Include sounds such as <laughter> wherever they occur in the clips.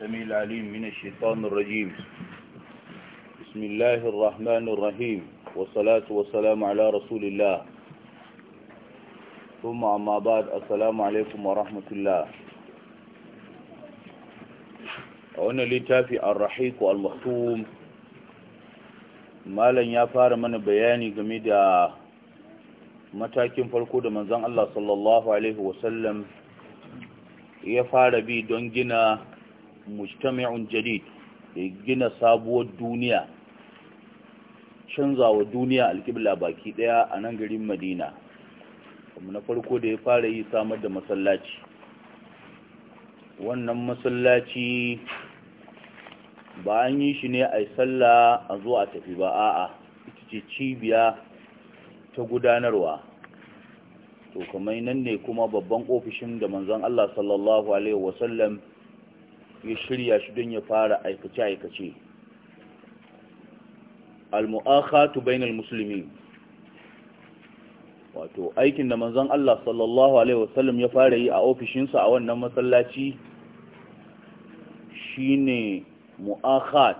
السميع العليم من الشيطان الرجيم بسم الله الرحمن الرحيم والصلاة والسلام على رسول الله ثم أما بعد السلام عليكم ورحمة الله هنا لتافي الرحيق والمختوم malam ya fara mana bayani game da matakin farko da manzon Allah sallallahu alaihi wasallam ya fara bi don gina mujtami'un jadid ya gina sabuwar duniya canzawa duniya alƙibla baki ɗaya a nan garin madina kuma na farko da ya fara yi samar da masallaci wannan masallaci ba an yi shi ne a yi sallah a zo a tafi ba a'a ita ce cibiya ta gudanarwa to kamar nan ne kuma babban ofishin da manzon Allah sallallahu alaihi wasallam ya shirya shi don ya fara aikace-aikace al-mu'akhatu bainal muslimin wato aikin da manzon Allah sallallahu alaihi wasallam ya fara yi a ofishinsa a wannan masallaci shine mu'akhat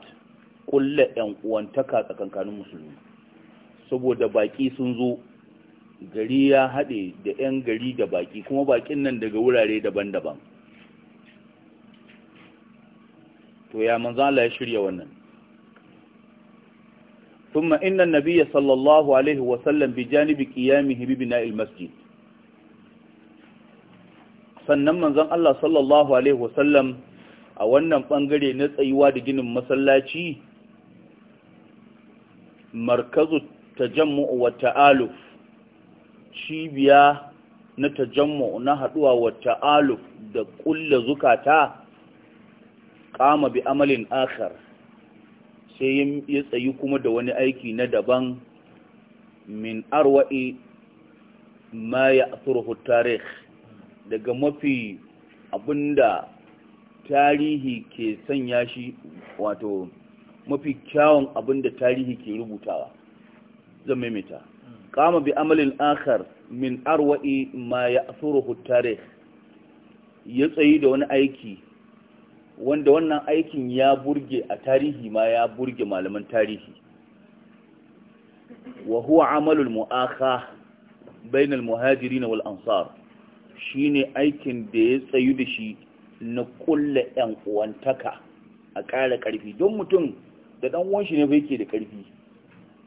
kulla ɗan uwantaka tsakankanin musulmi saboda baki sun zo gari ya haɗe da 'yan gari da baki kuma bakin nan daga wurare daban-daban to ya manzo Allah ya shirya wannan ثم alaihi wa sallam bi عليه وسلم بجانب قيامه ببناء masjid sannan manzon Allah sallallahu alaihi wa sallam a wannan bangare na tsayuwa da ginin masallaci markazu tajammu wa ta'aluf cibiya na tajammu na haduwa wa ta'aluf da kullu zukata qama bi amalin akhar sai ya tsayi kuma da wani aiki na daban min arwa'i ma ya asuruhu tarih daga mafi abinda tarihi ke sanya shi wato mafi kyawun abinda tarihi ke rubutawa zan maimaita kama bi amalin akhar min arwa'i ma ya asuruhu tarih ya tsayi da wani aiki wanda wannan aikin ya burge a tarihi ma ya burge malaman tarihi wa huwa amalul mu'akha bainal muhajirin wal ansar shine aikin da ya tsayu da shi na kulle yan uwantaka a ƙara ƙarfi don mutum da dan uwan shi ne bai ke da ƙarfi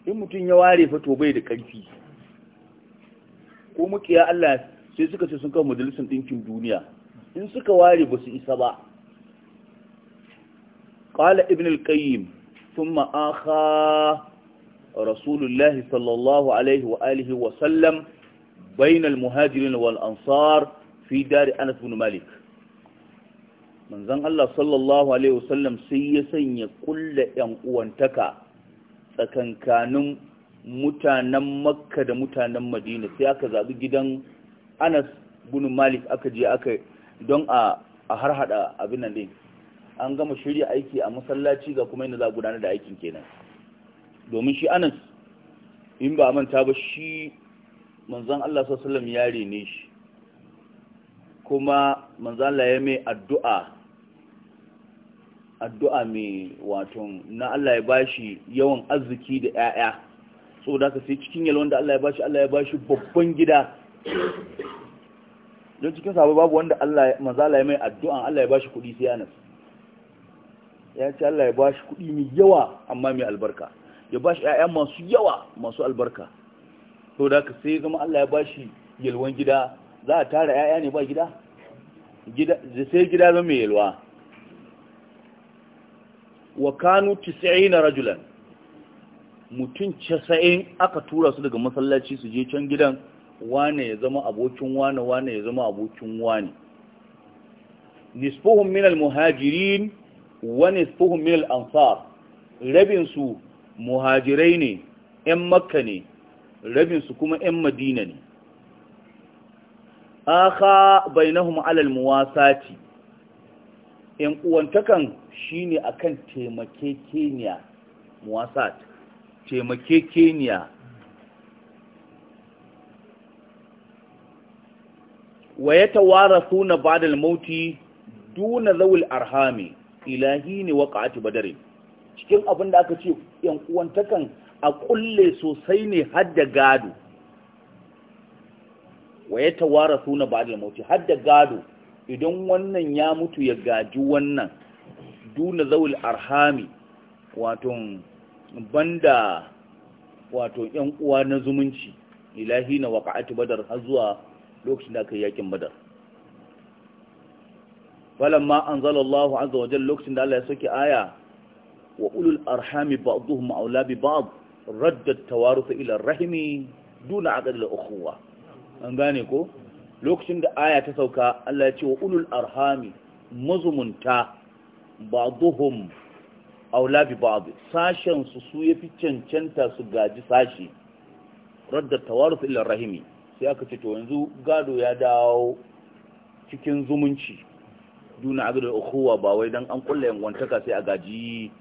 in mutum ya ware fa to bai da ƙarfi ko mukiya Allah sai suka ce sun kawo majalisar ɗinkin duniya in suka ware ba su isa ba قال ابن القيم ثم آخى رسول الله صلى الله عليه وآله وسلم بين المهاجرين والأنصار في دار أنس بن مالك من زن الله صلى الله عليه وسلم سيسا يقول ينقوان تكا سكن كانم متانا مكة متانا مدينة سيأكا ذا جدا أنس بن مالك أكا جي أكا دون أهرهد أبنا ليه an gama shirya aiki a masallaci ga kuma yadda za a gudanar da aikin kenan domin shi anas in ba manta ba shi manzan Allah sallam ya rene shi kuma manzan Allah ya mai addu'a addu'a mai waton na Allah ya bashi yawan arziki da 'ya'ya saboda da ka sai cikin yalwan da Allah ya bashi Allah ya bashi babban gida don cikin sabo babu wanda Allah manzan ya mai addu'an Allah ya bashi kuɗi sai anas ya ce Allah ya bashi kuɗi mai yawa amma mai albarka ya bashi ƴaƴa masu yawa masu albarka to da ka sai zama Allah ya bashi yalwan gida za a tara ƴaƴa ne ba gida gida sai gida zama mai yalwa wa kanu 90 rajulan mutum 90 aka tura su daga masallaci su je can gidan wane ya zama abokin wane wane ya zama abokin wane nisfuhum min al-muhajirin wani suhun mil ansar rabinsu muhajirai ne 'yan makka ne rabinsu kuma 'yan madina ne aka bainahum alal muwasati ‘yan uwantakan shi ne a kan taimakekeniya muwasat taimakekeniya wa ya tawara suna ba da mauti duna zawul arhami ilahi ne waqa'ati badari cikin abin da aka ce yan uwantakan a kulle sosai ne har da gado wa ya tawara na ba'da mauti har da gado idan wannan ya mutu ya gaji wannan duna zawul arhami wato banda wato yan uwa na zumunci ilahi na waqa'ati badar har zuwa lokacin da aka yi yakin badar falamma anzalallahu azza wa wajen lokacin da Allah ya soke aya wa ulul arhami ba'dhum aula bi ba'd radda tawaruf ilar rahimi duna a al ukuwa an gane ko lokacin da aya ta sauka Allah ya ce wa ulul arhami mazumunta ba'dhum aula bi ba'd sashen su su ya fi cancanta su gaji sashi radda tawaruf ila rahimi sai aka ce to yanzu gado ya dawo cikin zumunci duna abin ukuwa ba wai dan an kulle yankwantaka sai a gaji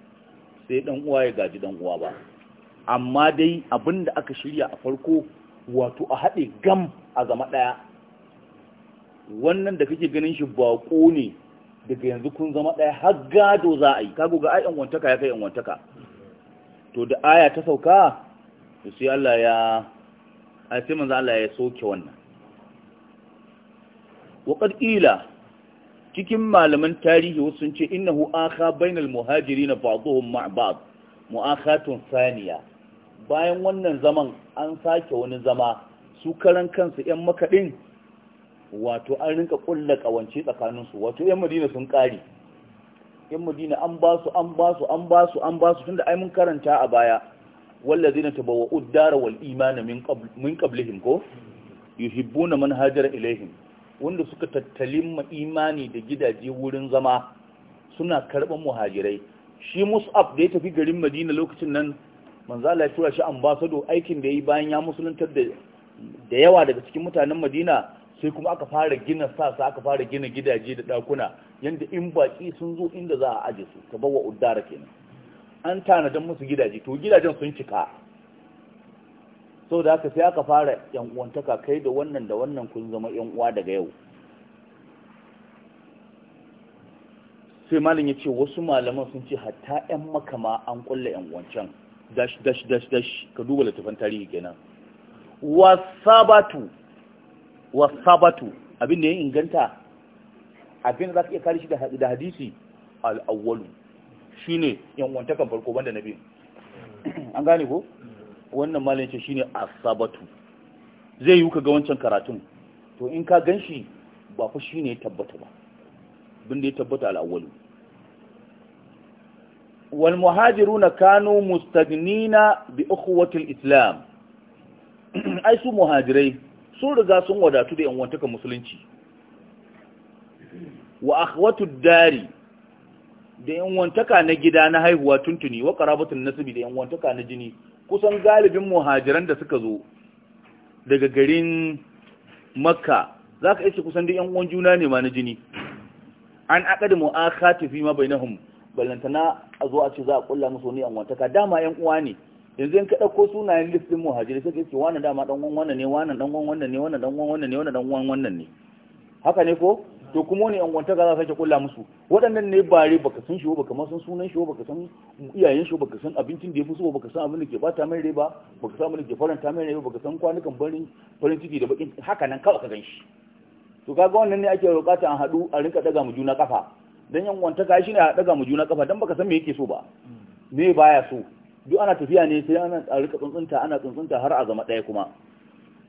sai dan uwa ya gaji dan uwa ba amma dai abinda aka shirya a farko wato a haɗe gam a zama ɗaya wannan da kake ganin shi baƙo ne daga yanzu kun zama ɗaya har gado za a yi kago ga ai yankwantaka ya kai yankwantaka to da aya ta sauka sai Allah ya ai sai manzo Allah ya soke wannan wa qad ila cikin malaman tarihi sun ce innahu akha bainal muhajirin na ma' ba'd saniya bayan wannan zaman an sake wani zama su karan kansu 'yan makaɗin wato an rinka kulla kawance tsakaninsu wato 'yan madina sun ƙare Yan madina an ba su an ba su an ba su an ba su tunda mun karanta a baya wallazina tabawwa'u ad-dara wal imana min ko yuhibbuna man manhajar ilaihim wanda suka tattalin imani da gidaje wurin zama suna karɓar muhajirai shi mus'ab da ya tafi garin madina lokacin nan manzala ya tura shi ambasado aikin da ya yi bayan ya musuluntar da yawa daga cikin mutanen madina sai kuma aka fara gina sasa aka fara gina gidaje da dakuna, yadda in baƙi sun zo inda za a aje su ta bawa uddara kenan an tanadan musu gidaje to gidajen sun cika so da aka sai aka fara yan uwantaka kai da wannan da wannan kun zama yan uwa daga yau sai malin ya ce wasu malaman sun ce hatta yan makama an kulla yan uwancan dash dash dash dash ka duba littafin tarihi kenan wasabatu wasabatu abin da ya inganta abin da za ka iya kare shi da hadisi al'awwalu shine yan uwantakan farko banda na biyu an gane ko wannan malam ce shine asabatu zai yi ka ga wancan karatun to in ka ganshi ba fa shine ya tabbata ba bin da ya tabbata al wal muhajiruna kanu mustagnina bi ukhwati islam <clears throat> ai su muhajirai sun riga sun wadatu da yan wantaka musulunci wa akhwatu dari da yan na gida na haihuwa tuntuni wa qarabatun nasbi da yan na jini kusan galibin muhajiran da suka zo daga garin makka za ka ishe kusan da uwan juna ne ma na jini an akadi kati fi ma bai nahun ballantana a zuwa ce za a kulla musu wani yan wantaka dama yan uwa ne yanzu in ka ko sunayen listin muhajiri sai ka ce wani dama ɗan uwan wannan ne wani ɗan uwan wannan ne wani ɗan uwan wannan ne wani ɗan uwan wannan ne haka ne ko to kuma wani yankwanta za sake kulla musu waɗannan ne bare baka san shi baka ma sunan shi baka san iyayen shi baka san abincin da ya fi so baka san abin da ke bata mai rai ba baka san abin da ke faranta mai rai ba baka san kwanukan barin farin ciki da bakin haka nan kawai ka gan shi to kaga wannan ne ake bukata a haɗu a rinka ɗaga mu juna kafa dan yankwanta ka shi ne a ɗaga mu juna kafa dan baka san me yake so ba me baya so duk ana tafiya ne sai ana a rika tsuntsunta ana tsuntsunta har a zama ɗaya kuma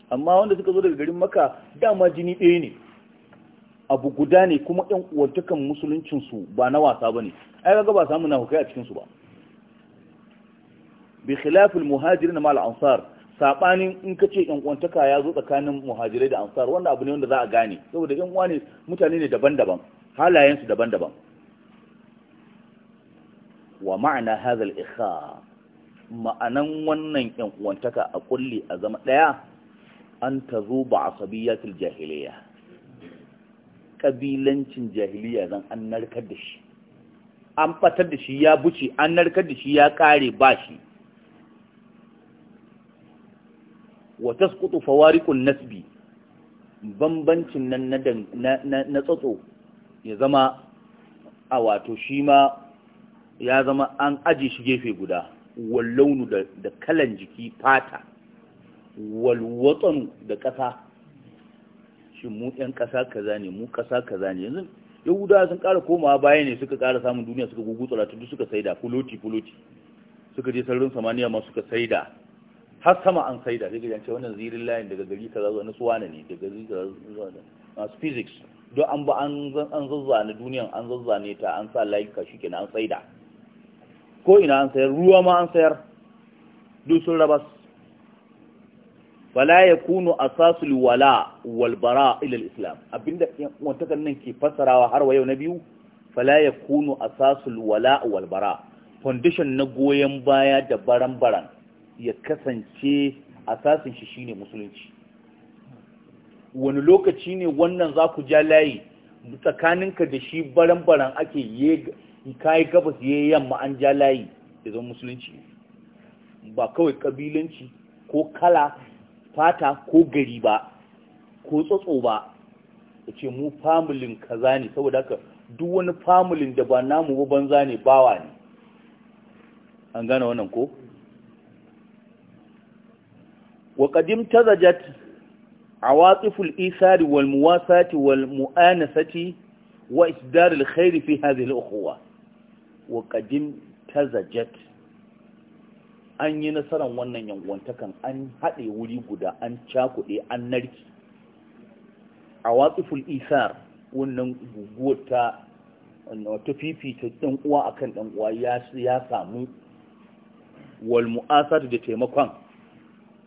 amma wanda suka zo daga garin maka dama jini ɗaya ne abu guda ne kuma ɗan uwartakan musuluncinsu ba na wasa ba ne ai kaga ba samu hukai a cikinsu ba bi khilafil muhajirin mal ansar sabanin in ka ce ɗan uwartaka ya zo tsakanin muhajirai da ansar wanda abu ne wanda za a gane saboda ɗan uwa ne mutane ne daban-daban halayensu daban-daban wa ma'ana hadha ikha ma'anan wannan ɗan uwantaka a kulli a zama ɗaya an zo ba asabiyatil jahiliya kabilancin jahiliya zan an narkar da shi an fatar da shi ya buce an narkar da shi ya kare ba shi wa tasqutu fawariqun nasbi bambancin nan na na tsotso ya zama a wato shi ma ya zama an aje shi gefe guda wal launu da kalan jiki fata wal da ƙasa shin mu ɗan ƙasa kaza ne mu ƙasa kaza ne yanzu yahuda sun ƙara komawa baya ne suka ƙara samun duniya suka gugu ta duk suka saida fuloti fuloti suka je sararin samaniya ma suka saida har sama an saida daga yance wannan zirin layin daga gari kaza zuwa na suwana ne daga gari kaza zuwa masu physics don an ba an zazzane duniyan an zazzane ta an sa layuka shi kenan an saida ko ina an sayar ruwa ma an sayar duk sun rabas fala ya kunu asasul wala wal bara ila islam abinda wantakan nan ke fassarawa har wa yau na biyu fala ya kunu asasul wala wal bara foundation na goyon baya da baran-baran ya kasance asasin shi shine musulunci wani lokaci ne wannan za ku ja layi tsakaninka da shi baran-baran ake kayi gabas ya yamma an ja layi idan musulunci ba kawai kabilanci ko kala fata ko gari ba ko tsotso ba ya ce mu famulin kaza ne saboda haka duk wani famulin da ba namu ba banza ne bawa ne an gane wannan ko wa qadim tazajat awatiful isari wal muwasati wal mu'anasati wa isdar al khair fi hadhihi al ukhwa wa qadim tazajat an yi nasarar wannan yankwantakan an haɗe wuri guda an cakuɗe an narki a watsiful isar wannan guguwar ta wata fifita ɗan uwa akan ɗan uwa ya samu walmu'asa da taimakon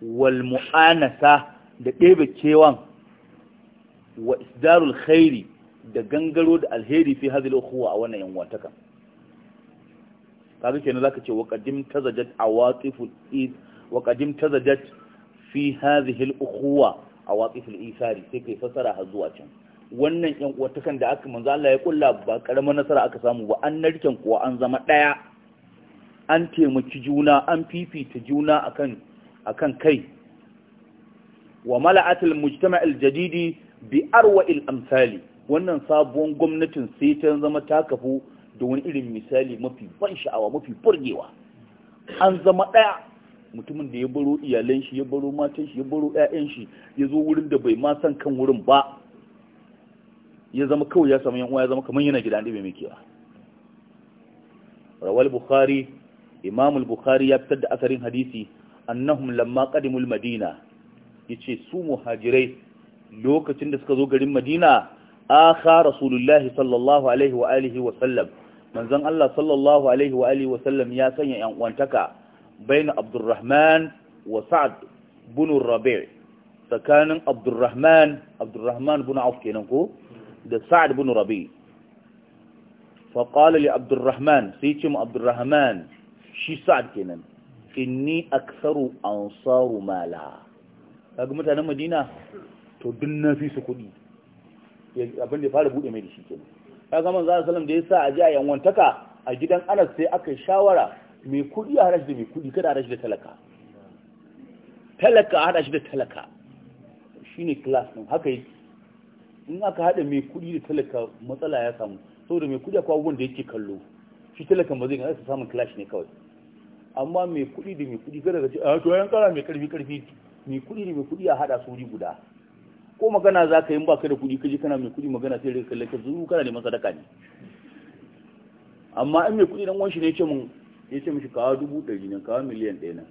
walmu'anasa da ɗebe cewan, wa isdarul khairi da gangaro da alheri fi hadhihi al a wannan yankwantakan kaga kenan zaka ce wa qadim tazajat awatiful id wa tazajat fi hadhihi al-ukhuwa awatiful isari sai kai fasara har zuwa can wannan yan uwatakan da aka manzo Allah ya kulla ba karamar nasara aka samu ba an narken kuwa an zama daya an taimaki juna an fifita juna akan akan kai wa mala'atul mujtama' al-jadidi bi arwa al-amsali wannan sabuwar gwamnatin sai ta zama ta kafu da wani irin misali mafi ban sha'awa mafi burgewa an zama ɗaya mutumin da ya baro iyalan shi ya baro matan shi ya baro ƴaƴan shi ya zo wurin da bai ma san kan wurin ba ya zama kawai ya samu yan uwa ya zama kamar yana gidan ɗaya mai kewa rawal bukhari Imamul bukhari ya fitar da asarin hadisi annahum lamma qadimul madina yace su muhajirai lokacin da suka zo garin madina akha rasulullahi sallallahu alaihi wa alihi wa sallam manzon Allah sallallahu alaihi wa alihi wa sallam ya sanya yan uwantaka bayin Abdurrahman wa Sa'd bin Rabi' tsakanin Abdurrahman Abdurrahman bin Auf kenan ko da Sa'd bin Rabi' fa qala li Abdurrahman sai ce mu Abdurrahman shi Sa'd kenan inni aktharu ansaru mala kaga mutanen Madina to dun nafi su kudi abin da fara bude mai da shi kenan ya ga manzo sallam da yasa a ji a yanwantaka a gidan Anas sai aka yi shawara mai kudi a harashi da mai kudi kada harashi da talaka talaka a harashi da talaka shine class din haka yi in aka hada mai kudi da talaka matsala ya samu saboda mai kudi akwai abubuwan da yake kallo shi talaka ba zai gane su samun clash ne kawai amma mai kudi da mai kudi kada ka ce a ah, to yan kara mai karfi karfi mai kudi da mai kudi a hada su guda ko magana za ka yi ba ka da kuɗi kaji kana mai kuɗi magana sai rika kallon ka zuru kana neman sadaka ne amma in mai kuɗi dan wanshi ne ya ce mun ya ce mishi kawo dubu ɗari ne kawo miliyan ɗaya nan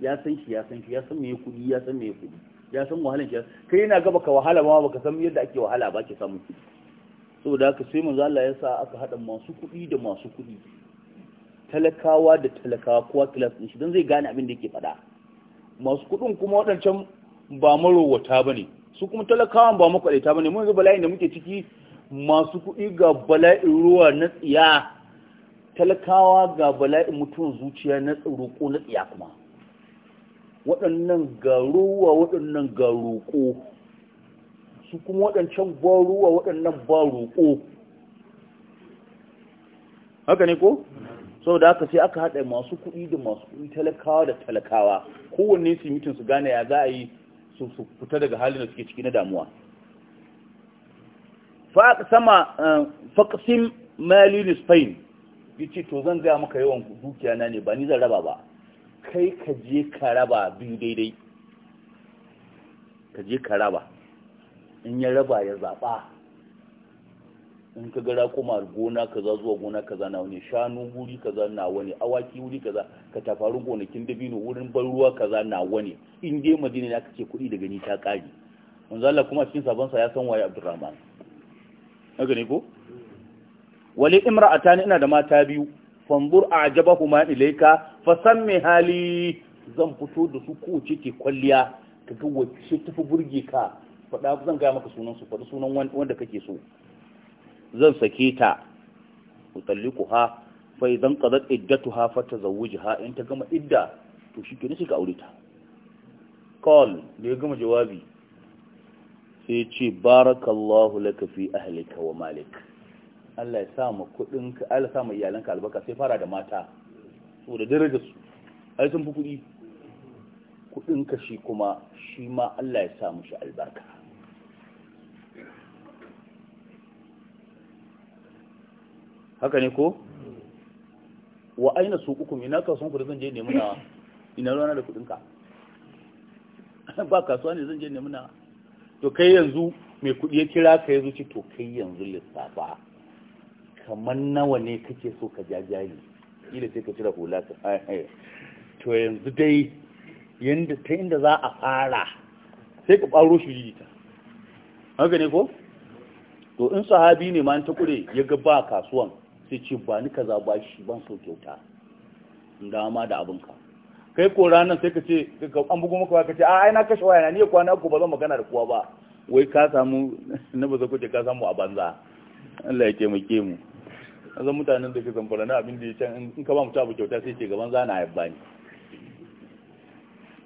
ya san shi ya san shi ya san me kuɗi ya san me kuɗi ya san wahalar shi kai yana gaba ka wahala ma baka san yadda ake wahala ba ke samu saboda haka sai manzo Allah ya sa aka hada masu kuɗi da masu kuɗi talakawa da talakawa kowa class din shi dan zai gane abin da yake faɗa masu kuɗin kuma waɗancan ba marowata ne. su kuma talakawan ba makwadaita ba ne mun zuba bala'in da muke ciki masu kuɗi ga bala'in ruwa na tsiya talakawa ga bala'in mutum zuciya na roƙo na tsiya kuma waɗannan ga ruwa waɗannan ga roƙo su kuma waɗancan ba ruwa waɗannan ba roƙo haka ne ko? sau da aka sai aka haɗa masu kuɗi da masu kuɗi talakawa da talakawa kowanne su mitin su gane ya za a yi su fita daga halin da suke ciki na damuwa fa sama eh, faqsim mali yace to zan ga maka yawan dukiya na ne ba ni zan raba ba kai ka je ka raba biyu daidai ka je ka raba in ya raba ya zaɓa. in ka ga kuma gona kaza zuwa gona kaza na wani shanu wuri kaza na wani awaki wuri kaza ka tafaru gonakin dabino wurin ban ruwa kaza na wani in dai madina ya aka ce kuɗi daga ni ta ƙari manzo Allah kuma cikin sabon sa ya san waye Abdurrahman haka ne ko wali imra'atan ina da mata biyu fambur fanzur a'jabahuma fasan fasammi hali zan fito da su ko ke kwalliya ka kaga wacce tafi burge ka faɗa zan gaya maka sunan su faɗi sunan wanda kake so zan sake ta fai mutallikuha fa idan qadat iddatuha ha in ta gama idda to shikenan sai ka aure ta qal da ya gama jawabi sai ce barakallahu laka fi ahlika wa malik Allah ya sa ma kudin ka Allah ya sa iyalanka albarka sai fara da mata saboda darajar su ai sun fi kudi kudin ka shi kuma shi ma Allah ya sa shi albarka haka ne ko wa aina su uku ina kasuwan ku da zan je nemi na ina rana da kudinka <laughs> ba kasuwa ne zan je nemi na to kai yanzu mai kudi ya kira ka ya ci to kai yanzu lissafa kamar nawa ne kake so ka jajaye ila sai ka cire hula ka to yanzu dai yanda ta inda za a fara sai ka ɓaro shi jijita haka ne ko to in sahabi ne ma ta kure ya ga ba kasuwan sai ce ba ni kaza ba shi ban so kyauta da ma da abinka kai ko ranar sai ka ce an bugu maka waya ka ce a ai na kashe waya na ni kwana uku ba zan magana da kowa ba wai ka samu <laughs> na ba zako ce ka samu a banza Allah ya taimake mu azan mutanen da ke zamfara na abin da ya can in ka ba mutu abu kyauta sai ce gaban za na yabba ni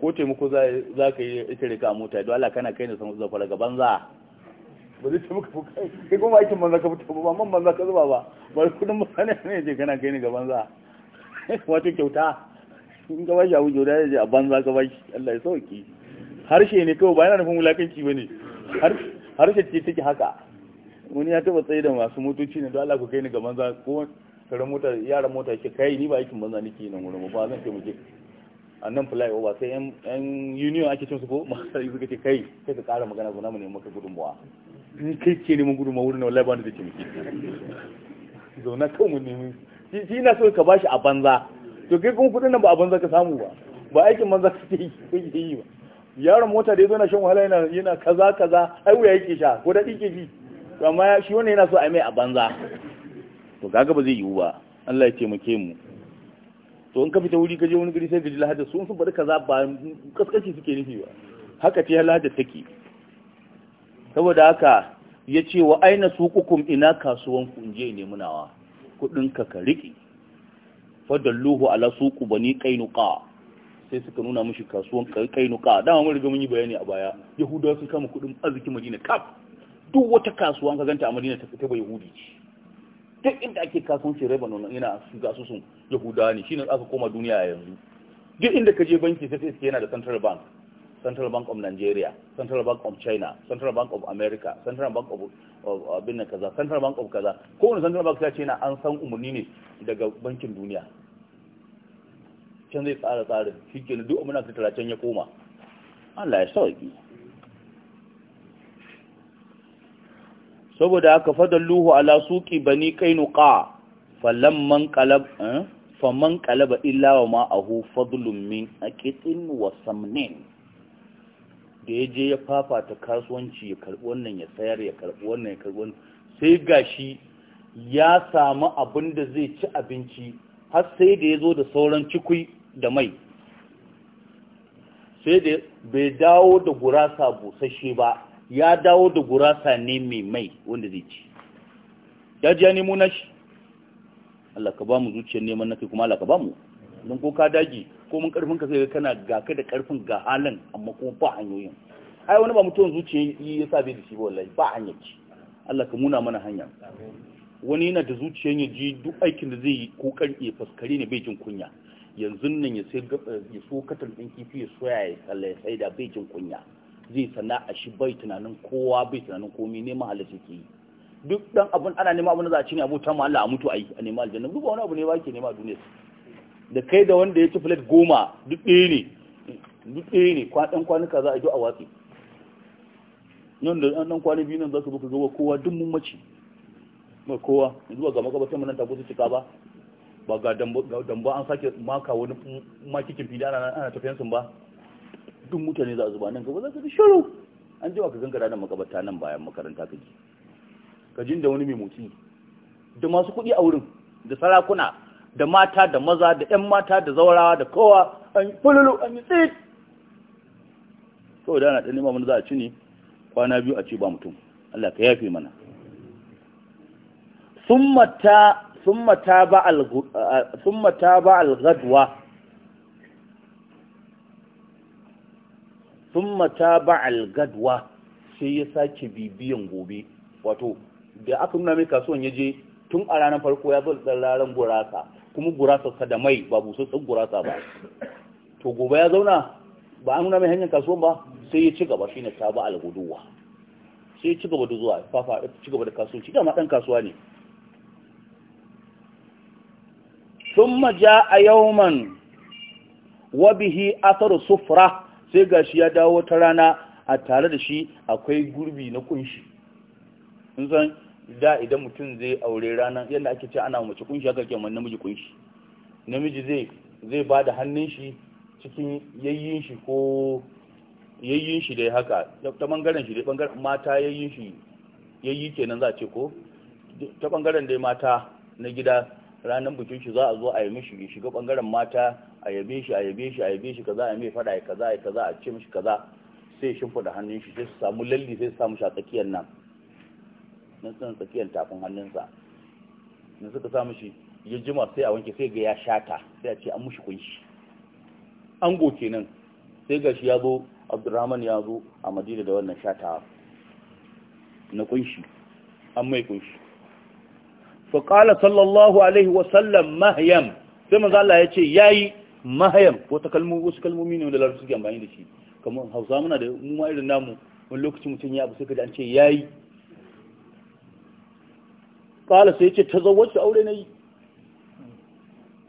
ko taimako za ka yi ita rika mota don Allah kana kai ne san zamfara gaban za ba zai ce maka ko kai kai kuma aikin banza ka fito ba man banza ka zuba ba ba kudin mutane ne je kana kai ni ga banza wato kyauta in ka bashi abu kyauta ya je a banza ka bashi Allah ya sauki harshe ne kawai ba yana nufin wulakanci ba ne harshe ce take haka wani ya taba tsaye da masu motoci ne don Allah ku kai ni ga banza ko karan mota yaran mota ke kai ni ba aikin banza nake nan wurin ba zan taimake a nan fulai ba sai yan union ake cin su ko masu <laughs> suka ce kai sai ka kara magana zo namu ne maka gudunmuwa in ne mun gudu ma wurin na wallahi ba ni da ciniki zauna kawai mu nemi shi na so ka bashi a banza to kai kuma kudin nan ba a banza ka samu ba ba aikin banza <laughs> ka ko yi ba yaron mota da ya zo na shan wahala yana yana kaza kaza ai wuya yake sha ko da ke ji amma shi wannan yana so a mai a banza to kaga ba zai yiwu ba Allah ya taimake mu to in ka fita wuri ka je wani gari sai ka ji lahajar sun sun faɗi kaza ba kaskanci suke nufi ba haka ce lahajar take saboda haka ya ce wa aina suƙukum ina kasuwanku in je ne munawa kuɗinka ka riƙe fadalluhu ala suku bani kainuka sai suka nuna mashi kasuwan kainuka dama mun riga mun yi bayani a baya yahudawa sun kama kudin arziki madina kaf duk wata kasuwa ka ganta a madina ta fita ba yahudi ce duk inda ake kasuwanci ina yana asusun yahudawa ne shine aka koma duniya yanzu duk inda ka je banki sai sai yana da central bank central bank of nigeria central bank of china central bank of america central bank of abin nan kaza central bank of kaza kowane central bank ta ce na an san umarni ne daga bankin duniya can zai tsara tsarin shi ke duk amina su tara can ya koma allah ya sauki saboda aka fadar luhu ala suki bani kainuka man kalab eh, faman kalaba illa wa ma'ahu fadlun min aqitin wa samnin da ya je ya fafata kasuwanci ya karɓi wannan ya sayar ya karɓi wannan ya karɓi wannan sai gashi ya samu abin da zai ci abinci har sai da ya zo da sauran cikui da mai sai da bai dawo da gurasa busasshe ba ya dawo da gurasa ne mai mai wanda zai ci ya ji ya nemo na shi Allah ka ba mu zuciyar neman na kai kuma Allah ka ba mu don ko ka daji ko mun karfin ka sai kana ga ka da karfin ga halin amma kuma ba hanyoyin ai wani ba mutuwan zuciya yi ya sa bai da shi ba wallahi ba hanya ce Allah ka muna mana hanya wani yana da zuciya ya ji duk aikin da zai yi kokari ya faskare ne bai jin kunya yanzu nan ya sai ya so katon din kifi ya soya ya tsalla ya sai da bai jin kunya zai sana'a shi bai tunanin kowa bai tunanin komai ne halatta ke yi duk dan abun ana neman abun da za a ci ne abota mu Allah a mutu a yi a neman aljanna duk wani abu ne ba ke nema a duniya da kai da wanda ya ci filet goma duk ɗaya ne duk ɗaya ne kwaɗan kwanuka za a jo a watsi nan da ɗan kwanu biyu nan za su buka zuwa kowa duk mun mace mai kowa zuwa ga makabatar manan tafi su cika ba ba ga damba an sake maka wani makikin fili ana ana tafiyan sun ba duk mutane za a zuba nan gaba za su ji shiru an ji ka gangara nan makabata nan bayan makaranta ka ji ka jin da wani mai motsi da masu kuɗi a wurin da sarakuna da mata da maza da 'yan mata da zaurawa da kowa an yi fululu an yi tsit kawai da yana ɗan imamun za a ci ne kwana biyu a ci ba mutum Allah ka yafe mana Sun mata ba al sun mata ba al sai ya sake bibiyan gobe wato da aka nuna mai kasuwan ya je tun a ranar farko ya zo da ranar gurasa kuma gurasarsa da mai ba busassun gurasa ba to gobe ya zauna ba an nuna mai hanyar kasuwan ba sai ya ci gaba shi ne ta ba alguduwa sai ya ci gaba da zuwa fafa ci gaba da kasuwanci dama ɗan kasuwa ne sun maja a yawman wabihi asaru sufra sai ga shi ya dawo ta rana a tare da shi akwai gurbi na kunshi in san da idan mutum zai aure ranar yadda ake ce ana mace kunshi haka kyanwa namiji kunshi namiji zai zai ba da hannun shi cikin yayyin shi ko yayyin shi ya haka ta bangaren shi dai bangaren mata yayyin shi yayyi kenan za a ce ko ta bangaren dai mata na gida ranar bikin shi za a zo a yi mishi shiga bangaren mata a yabe shi a yabe shi a yabe shi kaza a mai fada ya kaza ya kaza a ce mishi kaza sai shimfiɗa hannun shi sai su samu lalli sai su samu shi a tsakiyar nan na san tsakiyar tafin hannunsa da suka sa mushi ya jima sai a wanke sai ga ya shata sai a ce an mushi kunshi an goke nan sai ga shi ya zo abdurrahman ya zo a madina da wannan shata na kunshi an mai kunshi faƙala sallallahu alaihi wa sallam mahayam sai manzo Allah ya ce ya yi mahayam ta kalmomi wasu kalmomi ne da larabci suke amfani da shi kamar hausa muna da mu ma irin namu wani lokacin mutum ya abu sai ka da an ce ya yi ƙala sai ce ta zawace aure na yi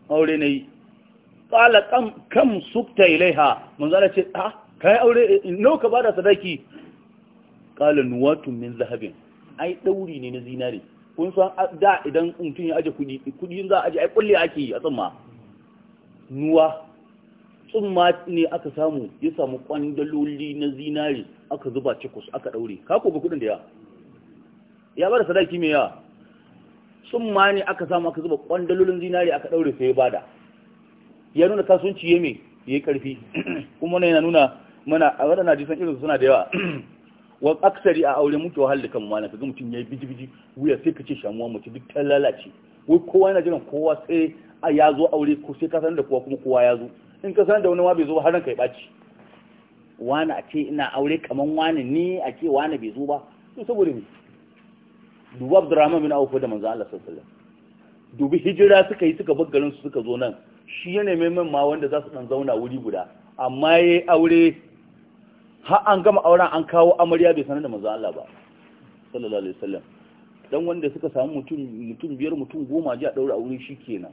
aure na yi ƙala kam sukta ilaiha manzana ce ah ka yi aure nau ka ba da sadaki ƙala nuwatun min zahabin ai ɗauri ne na zinare kun san da idan mutum ya aje kudi kudi za a aje ai kulle ake yi a tsamma. nuwa tsumma ne aka samu ya samu kwandaloli na zinare aka zuba cikus aka ɗaure ka ko ga kudin da ya ya ba da sadaki mai yawa sun ma ne aka samu aka zuba kwandalolin zinari aka daure sai ya bada ya nuna kasuwanci ya me ya karfi <clears throat> kuma ne yana nuna mana a wadana jisan irin suna da yawa <clears throat> wa aksari a aure muke wahal da kanmu na kaga mutum yi biji-biji wuya sai ka ce shamuwa mutum duk ta lalace wai kowa yana jiran kowa sai ya zo aure ko sai ka sanar da kowa kuma kowa ya zo in ka sanar da wani ma bai zo ba har ranka ya baci wani a ce ina aure kaman wani ne a ce wani bai zo ba to saboda me da abdurrahman bin auf da manzo Allah sallallahu alaihi wasallam dubi hijira suka yi suka bar su suka zo nan shi yana neman ma wanda za su dan zauna wuri guda amma yayi aure ha an gama auren an kawo amarya bai sanar da manzo Allah ba sallallahu alaihi wasallam dan wanda suka samu mutum mutum biyar mutum goma ji a daura aure shikenan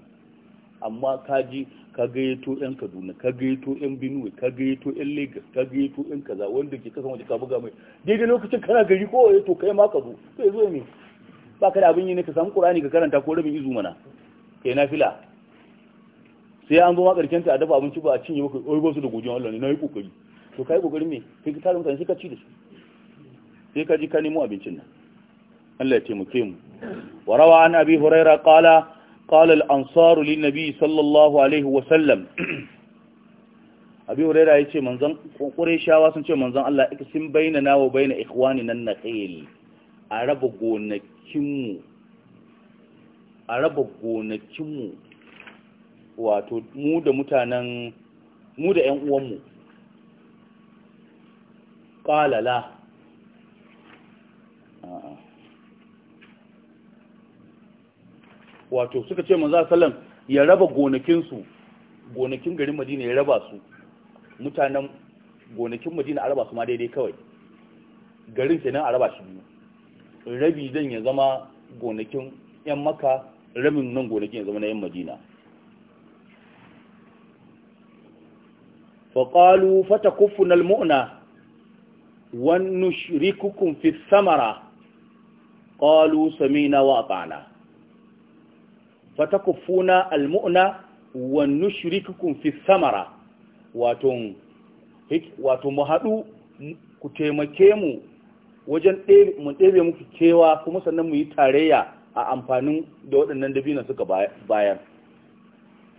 amma kaji ka gayyato yan Kaduna ka gayyato yan Benue ka gayyato yan Lagos ka gayyato yan kaza wanda ke kasan waje ka buga mai daidai lokacin kana gari ko to kai ma ka zo sai zo ne ba ka da abin yi ne ka samu ƙur'ani ka karanta ko rabin izu mana ka yi nafila sai an zo ma ƙarshen ta a dafa abinci ba a cinye ba oi ba su da godiyan Allah ne na yi kokari to kai kokari me kai ka tare mutane sai ka ci da su sai ka ji ka nemo abincin nan Allah ya taimake mu wa rawa an abi huraira qala qala al ansaru lin nabi sallallahu alaihi wa sallam <clears throat> abi huraira yace manzon qurayshawa sun ce manzon Allah iksim bainana wa baina ikhwanina an-naqil a raba gonaki. gonakinmu a raba gonakinmu wato mu da mutanen mu da ‘yan uwanmu ƙalala wato suka ce maza salam ya raba gonakinsu gonakin garin madina ya raba su mutanen gonakin madina a raba su ma daidai kawai garin kenan a raba shi biyu rabi zan ya zama gonakin yan maka rabin nan gonakin ya zama na yan madina faƙalu fata kuffun almu'na wani shirikukun fi samara ƙalu samina wa ɓana fata al almu'na wani shirikukun fi samara wato mu haɗu ku taimake mu wajen mu ɗebe muku cewa kuma sannan mu yi tarayya a amfanin da waɗannan dabina suka bayar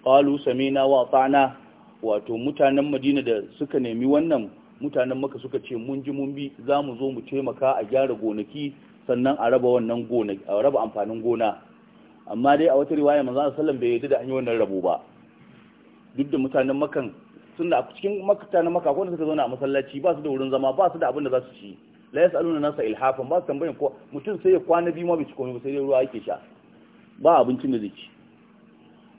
ƙalu samina wa tsana wato mutanen madina da suka nemi wannan mutanen maka suka ce mun ji mun bi za mu zo mu taimaka a gyara gonaki sannan a raba wannan gona a raba amfanin gona amma dai a wata riwaya manzo sallan bai yarda da an yi wannan rabo ba duk da mutanen makan suna da cikin na maka wanda suka zauna a masallaci ba su da wurin zama ba su da abin da za su ci la sa'aluna nasa ilhafan ba tambaye ko mutum sai ya kwana biyu ma bai ci komai ba sai dai ruwa yake sha ba abincin da zai ci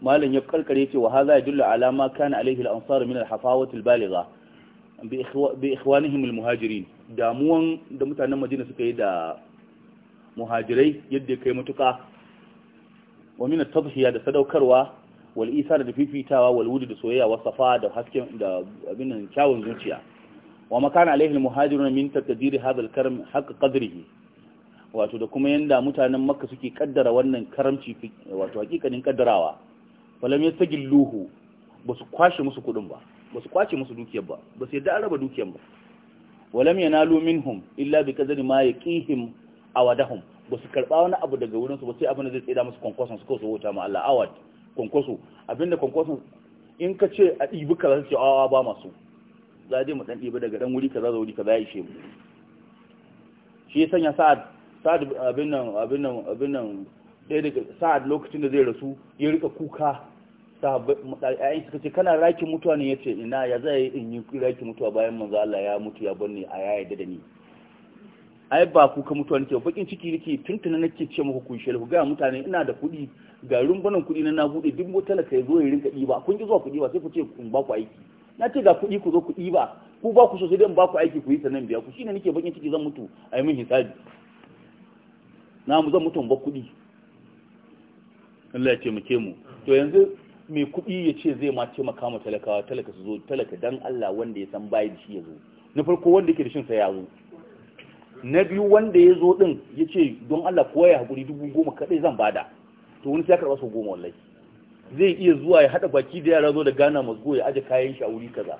malam ya karkare ce wa hadha yadullu ala ma kana alayhi al-ansar min al-hafawati al-baligha bi ikhwanihim al-muhajirin damuwan da mutanen Madina suka yi da muhajirai yadda ya kai matuka wa min at da sadaukarwa wal isar da fifitawa wal da soyayya wa safa da hasken da abinan kyawun zuciya wa makana alaihi muhajirun min taqdir hadha al-karam haqq qadrihi wato da kuma yanda mutanen makka suke kaddara wannan karamci wato hakikanin kaddarawa falam yastajilluhu basu kwashe musu kudin ba basu kwace musu dukiyar ba basu yadda araba dukiyar ba walam yanalu minhum illa bi kadri ma yaqihim awadahum basu karba wani abu daga wurin su ba sai abin da zai tsira musu konkoson su ko su wuta ma Allah awad konkoso abinda konkoson in ka ce a dibi kaza ce a ba masu za je mu dan ɗiba daga dan wuri kaza za wuri kaza ya ishe mu shi ya sanya sa'ad sa'ad abin nan abin nan abin nan ɗaya daga sa'ad lokacin da zai rasu ya rika kuka sahabbai ayyan suka ce kana raki mutuwa ne yace ina ya zai in yi raki mutuwa bayan manzo Allah ya mutu ya bar ni a yaye da ni ai ba ku ka mutuwa nake bakin ciki nake tuntuna nake ce muku ku shi ga mutane ina da kuɗi ga rumbunan kuɗi na na buɗe duk motar ka zo ya rinka ɗiba kun ki zuwa kuɗi ba sai ku ce in ba ku aiki na ce ga kuɗi ku zo kuɗi ba ku ba ku sosai don ba ku aiki ku yi sanan biya ku shine nake bakin ciki zan mutu a yi min hisabi na mu zan mutu ba kuɗi Allah ya ce mu ke mu to yanzu mai kuɗi ya ce zai ma taimaka ma talakawa talaka su zo talaka dan Allah wanda ya san bai da shi ya zo na farko wanda yake da shin sai ya na biyu wanda ya zo din ya ce don Allah kowa ya haƙuri dubu goma kaɗai zan bada to wani sai ya karɓa su goma wallahi zai iya zuwa ya haɗa baki da yara zo da gana masu ya aje kayan shi a wuri kaza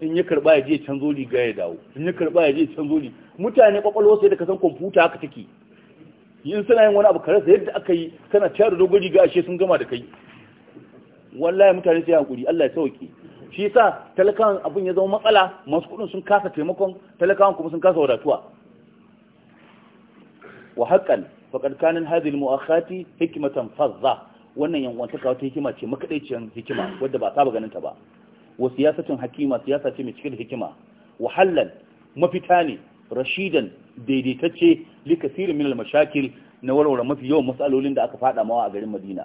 in ya karɓa ya je canzo riga ya dawo in ya karɓa ya je canzo mutane ƙwaƙwalwa sai da ka san kwamfuta haka take in suna yin wani abu rasa yadda aka yi kana tayar da dogon riga ashe sun gama da kai wallahi mutane sai hankuri Allah ya sauke shi yasa talakawan abin ya zama matsala masu kuɗin sun kasa taimakon talakawan kuma sun kasa wadatuwa wa haƙƙan faƙarƙanin kana muakhati hikmatan fazza wannan yankwantaka wata hikima ce makadaiciyar hikima wadda ba saba ganin ta ba wa siyasatin hakima siyasa ce mai cike da hikima wa mafita ne rashidan daidaitacce likasirin kasirin min mashakil na warware mafi yawan matsalolin da aka fada mawa a garin Madina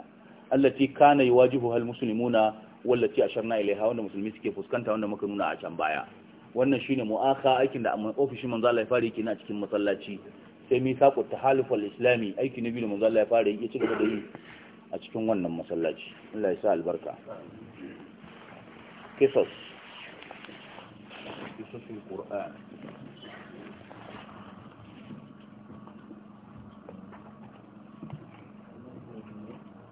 allati kana yuwajihu hal muslimuna wallati asharna ilaiha wanda musulmi suke fuskanta wanda muka nuna a can baya wannan shine mu'aka aikin da ofishin manzo Allah ya fara yake na cikin masallaci sai mi saqu tahalufal islami aiki nabi da manzo Allah ya fara yake ci gaba da yi a cikin wannan masallaci Allah ya sa albarka kisas kisas alquran